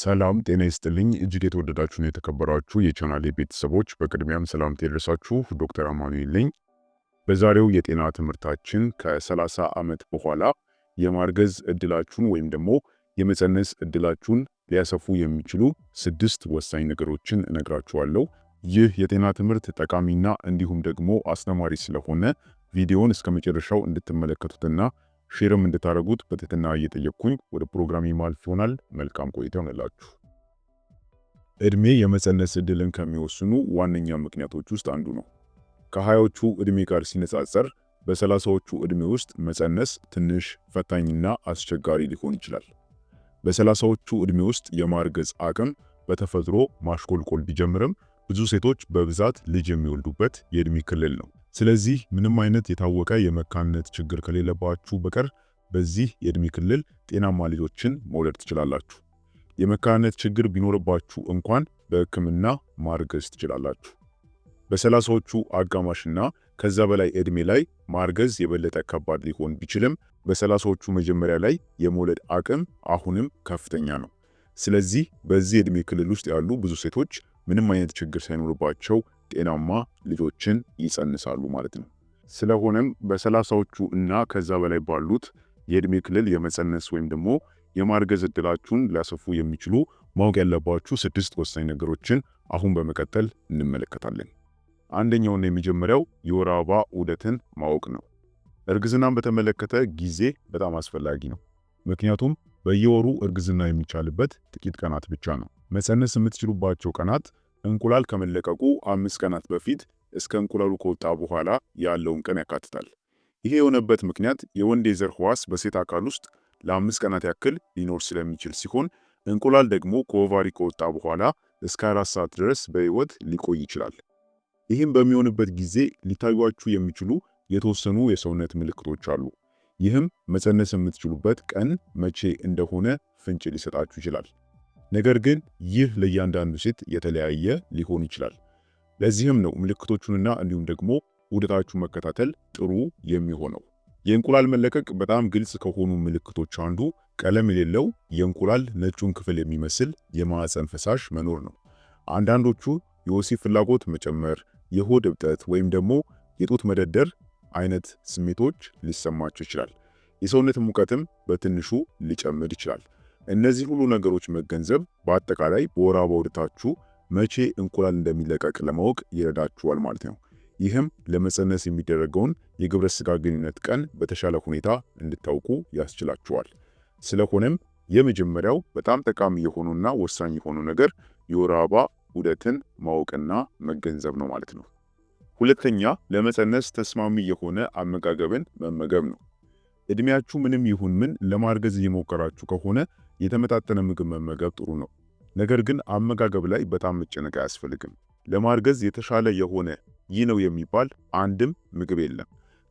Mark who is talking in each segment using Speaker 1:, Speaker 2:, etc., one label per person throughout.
Speaker 1: ሰላም ጤና ይስጥልኝ። እጅግ የተወደዳችሁን የተከበራችሁ የቻናሌ ቤተሰቦች በቅድሚያም ሰላምታ ይድረሳችሁ። ዶክተር አማኑኤል ነኝ። በዛሬው የጤና ትምህርታችን ከ30 ዓመት በኋላ የማርገዝ እድላችሁን ወይም ደግሞ የመፀነስ እድላችሁን ሊያሰፉ የሚችሉ ስድስት ወሳኝ ነገሮችን እነግራችኋለሁ። ይህ የጤና ትምህርት ጠቃሚና እንዲሁም ደግሞ አስተማሪ ስለሆነ ቪዲዮውን እስከ መጨረሻው እንድትመለከቱትና ሼርም እንድታደርጉት በትህትና እየጠየቅኩኝ ወደ ፕሮግራም ማልፍ ይሆናል። መልካም ቆይታ ይሆንላችሁ። እድሜ የመፀነስ እድልን ከሚወስኑ ዋነኛ ምክንያቶች ውስጥ አንዱ ነው። ከሀያዎቹ እድሜ ጋር ሲነጻጸር በሰላሳዎቹ እድሜ ውስጥ መፀነስ ትንሽ ፈታኝና አስቸጋሪ ሊሆን ይችላል። በሰላሳዎቹ እድሜ ውስጥ የማርገዝ አቅም በተፈጥሮ ማሽቆልቆል ቢጀምርም ብዙ ሴቶች በብዛት ልጅ የሚወልዱበት የእድሜ ክልል ነው። ስለዚህ ምንም አይነት የታወቀ የመካንነት ችግር ከሌለባችሁ በቀር በዚህ የእድሜ ክልል ጤናማ ልጆችን መውለድ ትችላላችሁ። የመካንነት ችግር ቢኖርባችሁ እንኳን በህክምና ማርገዝ ትችላላችሁ። በሰላሳዎቹ አጋማሽና ከዛ በላይ እድሜ ላይ ማርገዝ የበለጠ ከባድ ሊሆን ቢችልም በሰላሳዎቹ መጀመሪያ ላይ የመውለድ አቅም አሁንም ከፍተኛ ነው። ስለዚህ በዚህ እድሜ ክልል ውስጥ ያሉ ብዙ ሴቶች ምንም አይነት ችግር ሳይኖርባቸው ጤናማ ልጆችን ይጸንሳሉ ማለት ነው። ስለሆነም በሰላሳዎቹ እና ከዛ በላይ ባሉት የእድሜ ክልል የመጸነስ ወይም ደግሞ የማርገዝ እድላችሁን ሊያሰፉ የሚችሉ ማወቅ ያለባችሁ ስድስት ወሳኝ ነገሮችን አሁን በመቀጠል እንመለከታለን። አንደኛውና የመጀመሪያው የወር አበባ ዑደትን ማወቅ ነው። እርግዝናን በተመለከተ ጊዜ በጣም አስፈላጊ ነው። ምክንያቱም በየወሩ እርግዝና የሚቻልበት ጥቂት ቀናት ብቻ ነው። መጸነስ የምትችሉባቸው ቀናት እንቁላል ከመለቀቁ አምስት ቀናት በፊት እስከ እንቁላሉ ከወጣ በኋላ ያለውን ቀን ያካትታል። ይሄ የሆነበት ምክንያት የወንድ የዘር ህዋስ በሴት አካል ውስጥ ለአምስት ቀናት ያክል ሊኖር ስለሚችል ሲሆን እንቁላል ደግሞ ከኦቫሪ ከወጣ በኋላ እስከ አራት ሰዓት ድረስ በህይወት ሊቆይ ይችላል። ይህም በሚሆንበት ጊዜ ሊታዩችሁ የሚችሉ የተወሰኑ የሰውነት ምልክቶች አሉ። ይህም መፀነስ የምትችሉበት ቀን መቼ እንደሆነ ፍንጭ ሊሰጣችሁ ይችላል። ነገር ግን ይህ ለእያንዳንዱ ሴት የተለያየ ሊሆን ይችላል። ለዚህም ነው ምልክቶቹንና እንዲሁም ደግሞ ውደታችሁን መከታተል ጥሩ የሚሆነው። የእንቁላል መለቀቅ በጣም ግልጽ ከሆኑ ምልክቶች አንዱ ቀለም የሌለው የእንቁላል ነጩን ክፍል የሚመስል የማዕፀን ፈሳሽ መኖር ነው። አንዳንዶቹ የወሲብ ፍላጎት መጨመር፣ የሆድ እብጠት ወይም ደግሞ የጡት መደደር አይነት ስሜቶች ሊሰማችሁ ይችላል። የሰውነት ሙቀትም በትንሹ ሊጨምር ይችላል። እነዚህ ሁሉ ነገሮች መገንዘብ በአጠቃላይ በወር አበባ ዑደታችሁ መቼ እንቁላል እንደሚለቀቅ ለማወቅ ይረዳችኋል ማለት ነው። ይህም ለመፀነስ የሚደረገውን የግብረ ስጋ ግንኙነት ቀን በተሻለ ሁኔታ እንድታውቁ ያስችላችኋል። ስለሆነም የመጀመሪያው በጣም ጠቃሚ የሆኑና ወሳኝ የሆኑ ነገር የወር አበባ ዑደትን ማወቅና መገንዘብ ነው ማለት ነው። ሁለተኛ ለመፀነስ ተስማሚ የሆነ አመጋገብን መመገብ ነው። እድሜያችሁ ምንም ይሁን ምን ለማርገዝ እየሞከራችሁ ከሆነ የተመጣጠነ ምግብ መመገብ ጥሩ ነው። ነገር ግን አመጋገብ ላይ በጣም መጨነቅ አያስፈልግም። ለማርገዝ የተሻለ የሆነ ይህ ነው የሚባል አንድም ምግብ የለም።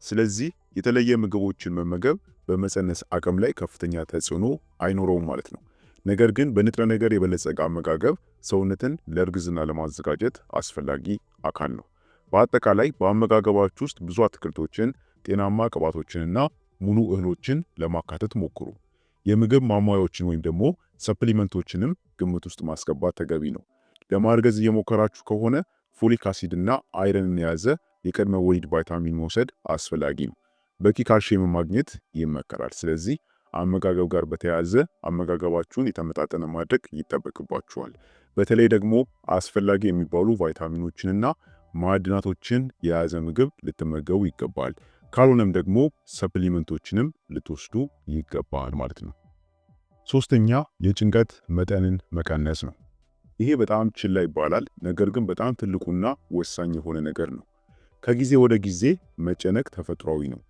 Speaker 1: ስለዚህ የተለየ ምግቦችን መመገብ በመፀነስ አቅም ላይ ከፍተኛ ተጽዕኖ አይኖረውም ማለት ነው። ነገር ግን በንጥረ ነገር የበለጸገ አመጋገብ ሰውነትን ለእርግዝና ለማዘጋጀት አስፈላጊ አካል ነው። በአጠቃላይ በአመጋገባችሁ ውስጥ ብዙ አትክልቶችን፣ ጤናማ ቅባቶችንና ሙሉ እህሎችን ለማካተት ሞክሩ። የምግብ ማሟያዎችን ወይም ደግሞ ሰፕሊመንቶችንም ግምት ውስጥ ማስገባት ተገቢ ነው። ለማርገዝ እየሞከራችሁ ከሆነ ፎሊክ አሲድ እና አይረንን የያዘ የቅድመ ወሊድ ቫይታሚን መውሰድ አስፈላጊ ነው። በቂ ካልሽየም ማግኘት ይመከራል። ስለዚህ አመጋገብ ጋር በተያያዘ አመጋገባችሁን የተመጣጠነ ማድረግ ይጠበቅባችኋል። በተለይ ደግሞ አስፈላጊ የሚባሉ ቫይታሚኖችንና ማዕድናቶችን የያዘ ምግብ ልትመገቡ ይገባል። ካልሆነም ደግሞ ሰፕሊመንቶችንም ልትወስዱ ይገባል ማለት ነው። ሶስተኛ የጭንቀት መጠንን መቀነስ ነው። ይሄ በጣም ችላ ይባላል፣ ነገር ግን በጣም ትልቁና ወሳኝ የሆነ ነገር ነው። ከጊዜ ወደ ጊዜ መጨነቅ ተፈጥሯዊ ነው።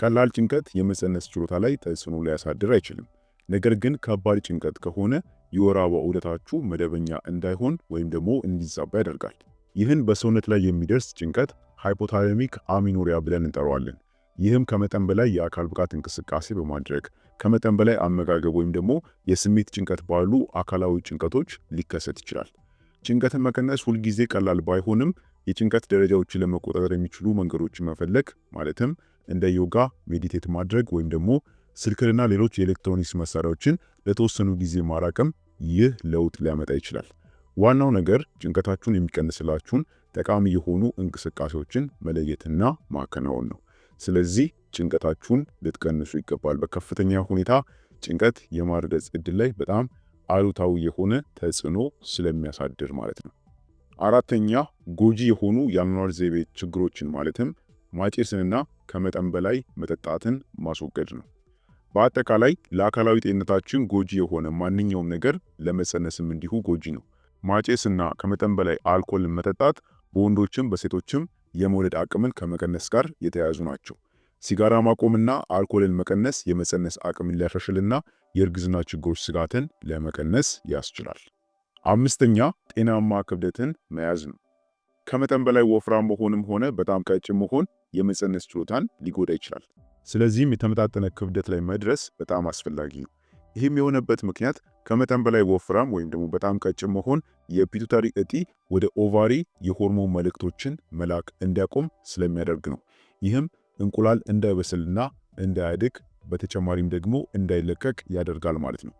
Speaker 1: ቀላል ጭንቀት የመጸነስ ችሎታ ላይ ተጽዕኖ ሊያሳድር አይችልም። ነገር ግን ከባድ ጭንቀት ከሆነ የወር አበባ ዑደታችሁ መደበኛ እንዳይሆን ወይም ደግሞ እንዲዛባ ያደርጋል። ይህን በሰውነት ላይ የሚደርስ ጭንቀት ሃይፖታሚክ አሚኖሪያ ብለን እንጠራዋለን። ይህም ከመጠን በላይ የአካል ብቃት እንቅስቃሴ በማድረግ ከመጠን በላይ አመጋገብ ወይም ደግሞ የስሜት ጭንቀት ባሉ አካላዊ ጭንቀቶች ሊከሰት ይችላል። ጭንቀትን መቀነስ ሁልጊዜ ቀላል ባይሆንም የጭንቀት ደረጃዎችን ለመቆጣጠር የሚችሉ መንገዶችን መፈለግ ማለትም እንደ ዮጋ፣ ሜዲቴት ማድረግ ወይም ደግሞ ስልክንና ሌሎች የኤሌክትሮኒክስ መሳሪያዎችን ለተወሰኑ ጊዜ ማራቅም ይህ ለውጥ ሊያመጣ ይችላል። ዋናው ነገር ጭንቀታችሁን የሚቀንስላችሁን ጠቃሚ የሆኑ እንቅስቃሴዎችን መለየትና ማከናወን ነው። ስለዚህ ጭንቀታችሁን ልትቀንሱ ይገባል። በከፍተኛ ሁኔታ ጭንቀት የማርገዝ እድል ላይ በጣም አሉታዊ የሆነ ተጽዕኖ ስለሚያሳድር ማለት ነው። አራተኛ ጎጂ የሆኑ የአኗኗር ዘይቤ ችግሮችን ማለትም ማጨስንና ከመጠን በላይ መጠጣትን ማስወገድ ነው። በአጠቃላይ ለአካላዊ ጤንነታችን ጎጂ የሆነ ማንኛውም ነገር ለመጸነስም እንዲሁ ጎጂ ነው። ማጨስና ከመጠን በላይ አልኮል መጠጣት በወንዶችም በሴቶችም የመውለድ አቅምን ከመቀነስ ጋር የተያያዙ ናቸው። ሲጋራ ማቆምና አልኮልን መቀነስ የመፀነስ አቅምን ሊያሻሽልና የእርግዝና ችግሮች ስጋትን ለመቀነስ ያስችላል። አምስተኛ ጤናማ ክብደትን መያዝ ነው። ከመጠን በላይ ወፍራም መሆንም ሆነ በጣም ቀጭን መሆን የመፀነስ ችሎታን ሊጎዳ ይችላል። ስለዚህም የተመጣጠነ ክብደት ላይ መድረስ በጣም አስፈላጊ ነው። ይህም የሆነበት ምክንያት ከመጠን በላይ ወፍራም ወይም ደግሞ በጣም ቀጭን መሆን የፒቱታሪ እጢ ወደ ኦቫሪ የሆርሞን መልእክቶችን መላክ እንዲያቆም ስለሚያደርግ ነው። ይህም እንቁላል እንዳይበስልና እንዳያድግ በተጨማሪም ደግሞ እንዳይለቀቅ ያደርጋል ማለት ነው።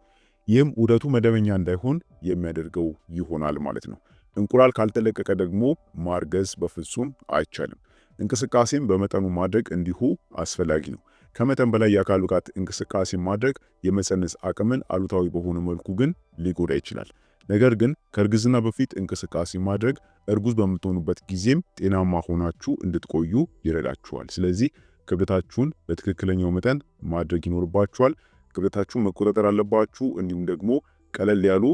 Speaker 1: ይህም ውደቱ መደበኛ እንዳይሆን የሚያደርገው ይሆናል ማለት ነው። እንቁላል ካልተለቀቀ ደግሞ ማርገዝ በፍጹም አይቻልም። እንቅስቃሴም በመጠኑ ማድረግ እንዲሁ አስፈላጊ ነው። ከመጠን በላይ የአካል ብቃት እንቅስቃሴ ማድረግ የመፀነስ አቅምን አሉታዊ በሆነ መልኩ ግን ሊጎዳ ይችላል። ነገር ግን ከእርግዝና በፊት እንቅስቃሴ ማድረግ እርጉዝ በምትሆኑበት ጊዜም ጤናማ ሆናችሁ እንድትቆዩ ይረዳችኋል። ስለዚህ ክብደታችሁን በትክክለኛው መጠን ማድረግ ይኖርባችኋል። ክብደታችሁን መቆጣጠር አለባችሁ። እንዲሁም ደግሞ ቀለል ያሉ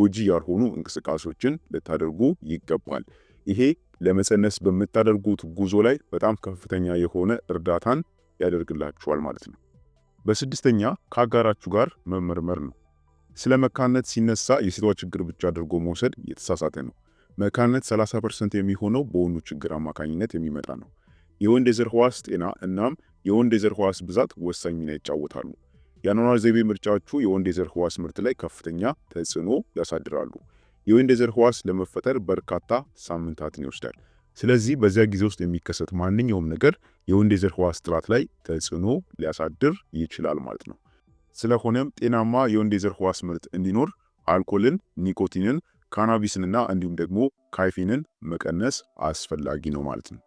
Speaker 1: ጎጂ ያልሆኑ እንቅስቃሴዎችን ልታደርጉ ይገባል። ይሄ ለመፀነስ በምታደርጉት ጉዞ ላይ በጣም ከፍተኛ የሆነ እርዳታን ያደርግላችኋል ማለት ነው። በስድስተኛ ከአጋራችሁ ጋር መመርመር ነው። ስለ መካንነት ሲነሳ የሴቷ ችግር ብቻ አድርጎ መውሰድ የተሳሳተ ነው። መካንነት 30 ፐርሰንት የሚሆነው በወንዱ ችግር አማካኝነት የሚመጣ ነው። የወንድ የዘር ህዋስ ጤና እናም የወንድ የዘር ህዋስ ብዛት ወሳኝ ሚና ይጫወታሉ። የአኗኗር ዘይቤ ምርጫዎቹ የወንድ የዘር ህዋስ ምርት ላይ ከፍተኛ ተጽዕኖ ያሳድራሉ። የወንድ የዘር ህዋስ ለመፈጠር በርካታ ሳምንታትን ይወስዳል። ስለዚህ በዚያ ጊዜ ውስጥ የሚከሰት ማንኛውም ነገር የወንድ የዘር ህዋስ ጥራት ላይ ተጽዕኖ ሊያሳድር ይችላል ማለት ነው። ስለሆነም ጤናማ የወንድ የዘር ህዋስ ምርት እንዲኖር አልኮልን፣ ኒኮቲንን፣ ካናቢስንና እንዲሁም ደግሞ ካይፊንን መቀነስ አስፈላጊ ነው ማለት ነው።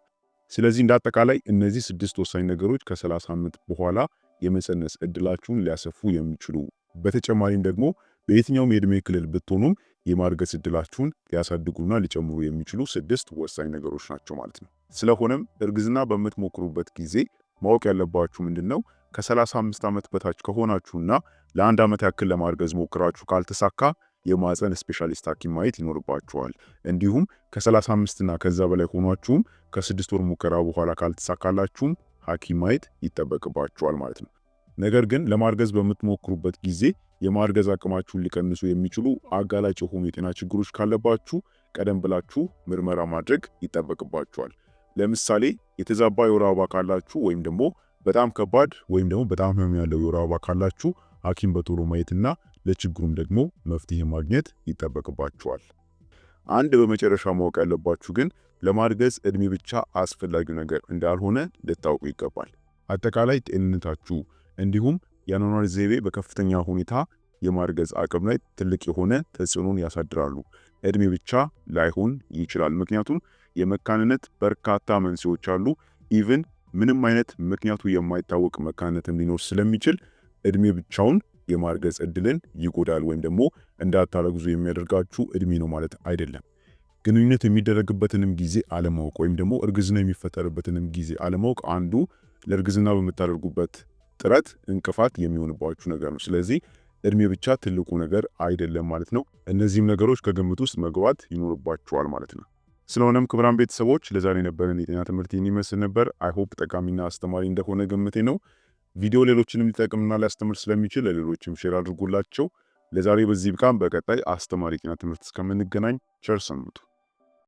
Speaker 1: ስለዚህ እንደ አጠቃላይ እነዚህ ስድስት ወሳኝ ነገሮች ከ ዓመት በኋላ የመፀነስ እድላችሁን ሊያሰፉ የሚችሉ በተጨማሪም ደግሞ በየትኛውም የዕድሜ ክልል ብትሆኑም የማርገዝ እድላችሁን ሊያሳድጉና ሊጨምሩ የሚችሉ ስድስት ወሳኝ ነገሮች ናቸው ማለት ነው። ስለሆነም እርግዝና በምትሞክሩበት ጊዜ ማወቅ ያለባችሁ ምንድን ነው ከ35 ዓመት በታች ከሆናችሁና ለአንድ ዓመት ያክል ለማርገዝ ሞክራችሁ ካልተሳካ የማፀን ስፔሻሊስት ሐኪም ማየት ይኖርባችኋል። እንዲሁም ከ35 እና ከዛ በላይ ሆኗችሁም ከስድስት ወር ሙከራ በኋላ ካልተሳካላችሁም ሐኪም ማየት ይጠበቅባችኋል ማለት ነው። ነገር ግን ለማርገዝ በምትሞክሩበት ጊዜ የማርገዝ አቅማችሁን ሊቀንሱ የሚችሉ አጋላጭ የሆኑ የጤና ችግሮች ካለባችሁ ቀደም ብላችሁ ምርመራ ማድረግ ይጠበቅባችኋል። ለምሳሌ የተዛባ የወር አበባ ካላችሁ ወይም ደግሞ በጣም ከባድ ወይም ደግሞ በጣም ህመም ያለው የወር አበባ ካላችሁ ሐኪም በቶሎ ማየትና ለችግሩም ደግሞ መፍትሄ ማግኘት ይጠበቅባችኋል። አንድ በመጨረሻ ማወቅ ያለባችሁ ግን ለማርገዝ እድሜ ብቻ አስፈላጊው ነገር እንዳልሆነ ልታውቁ ይገባል። አጠቃላይ ጤንነታችሁ እንዲሁም የአኗኗር ዘይቤ በከፍተኛ ሁኔታ የማርገዝ አቅም ላይ ትልቅ የሆነ ተጽዕኖን ያሳድራሉ። እድሜ ብቻ ላይሆን ይችላል። ምክንያቱም የመካንነት በርካታ መንስኤዎች አሉ። ኢቭን ምንም አይነት ምክንያቱ የማይታወቅ መካንነትም ሊኖር ስለሚችል እድሜ ብቻውን የማርገዝ እድልን ይጎዳል ወይም ደግሞ እንዳታረግዙ የሚያደርጋችሁ እድሜ ነው ማለት አይደለም። ግንኙነት የሚደረግበትንም ጊዜ አለማወቅ ወይም ደግሞ እርግዝና የሚፈጠርበትንም ጊዜ አለማወቅ አንዱ ለእርግዝና በምታደርጉበት ጥረት እንቅፋት የሚሆንባችሁ ነገር ነው። ስለዚህ እድሜ ብቻ ትልቁ ነገር አይደለም ማለት ነው። እነዚህም ነገሮች ከግምት ውስጥ መግባት ይኖርባችኋል ማለት ነው። ስለሆነም ክቡራን ቤተሰቦች ለዛሬ ነበረን የጤና ትምህርት የሚመስል ነበር። አይሆፕ ጠቃሚና አስተማሪ እንደሆነ ግምቴ ነው። ቪዲዮ ሌሎችንም ሊጠቅምና ሊያስተምር ስለሚችል ለሌሎችም ሼር አድርጉላቸው። ለዛሬ በዚህ ብቃም። በቀጣይ አስተማሪ የጤና ትምህርት እስከምንገናኝ ቸር ሰንብቱ።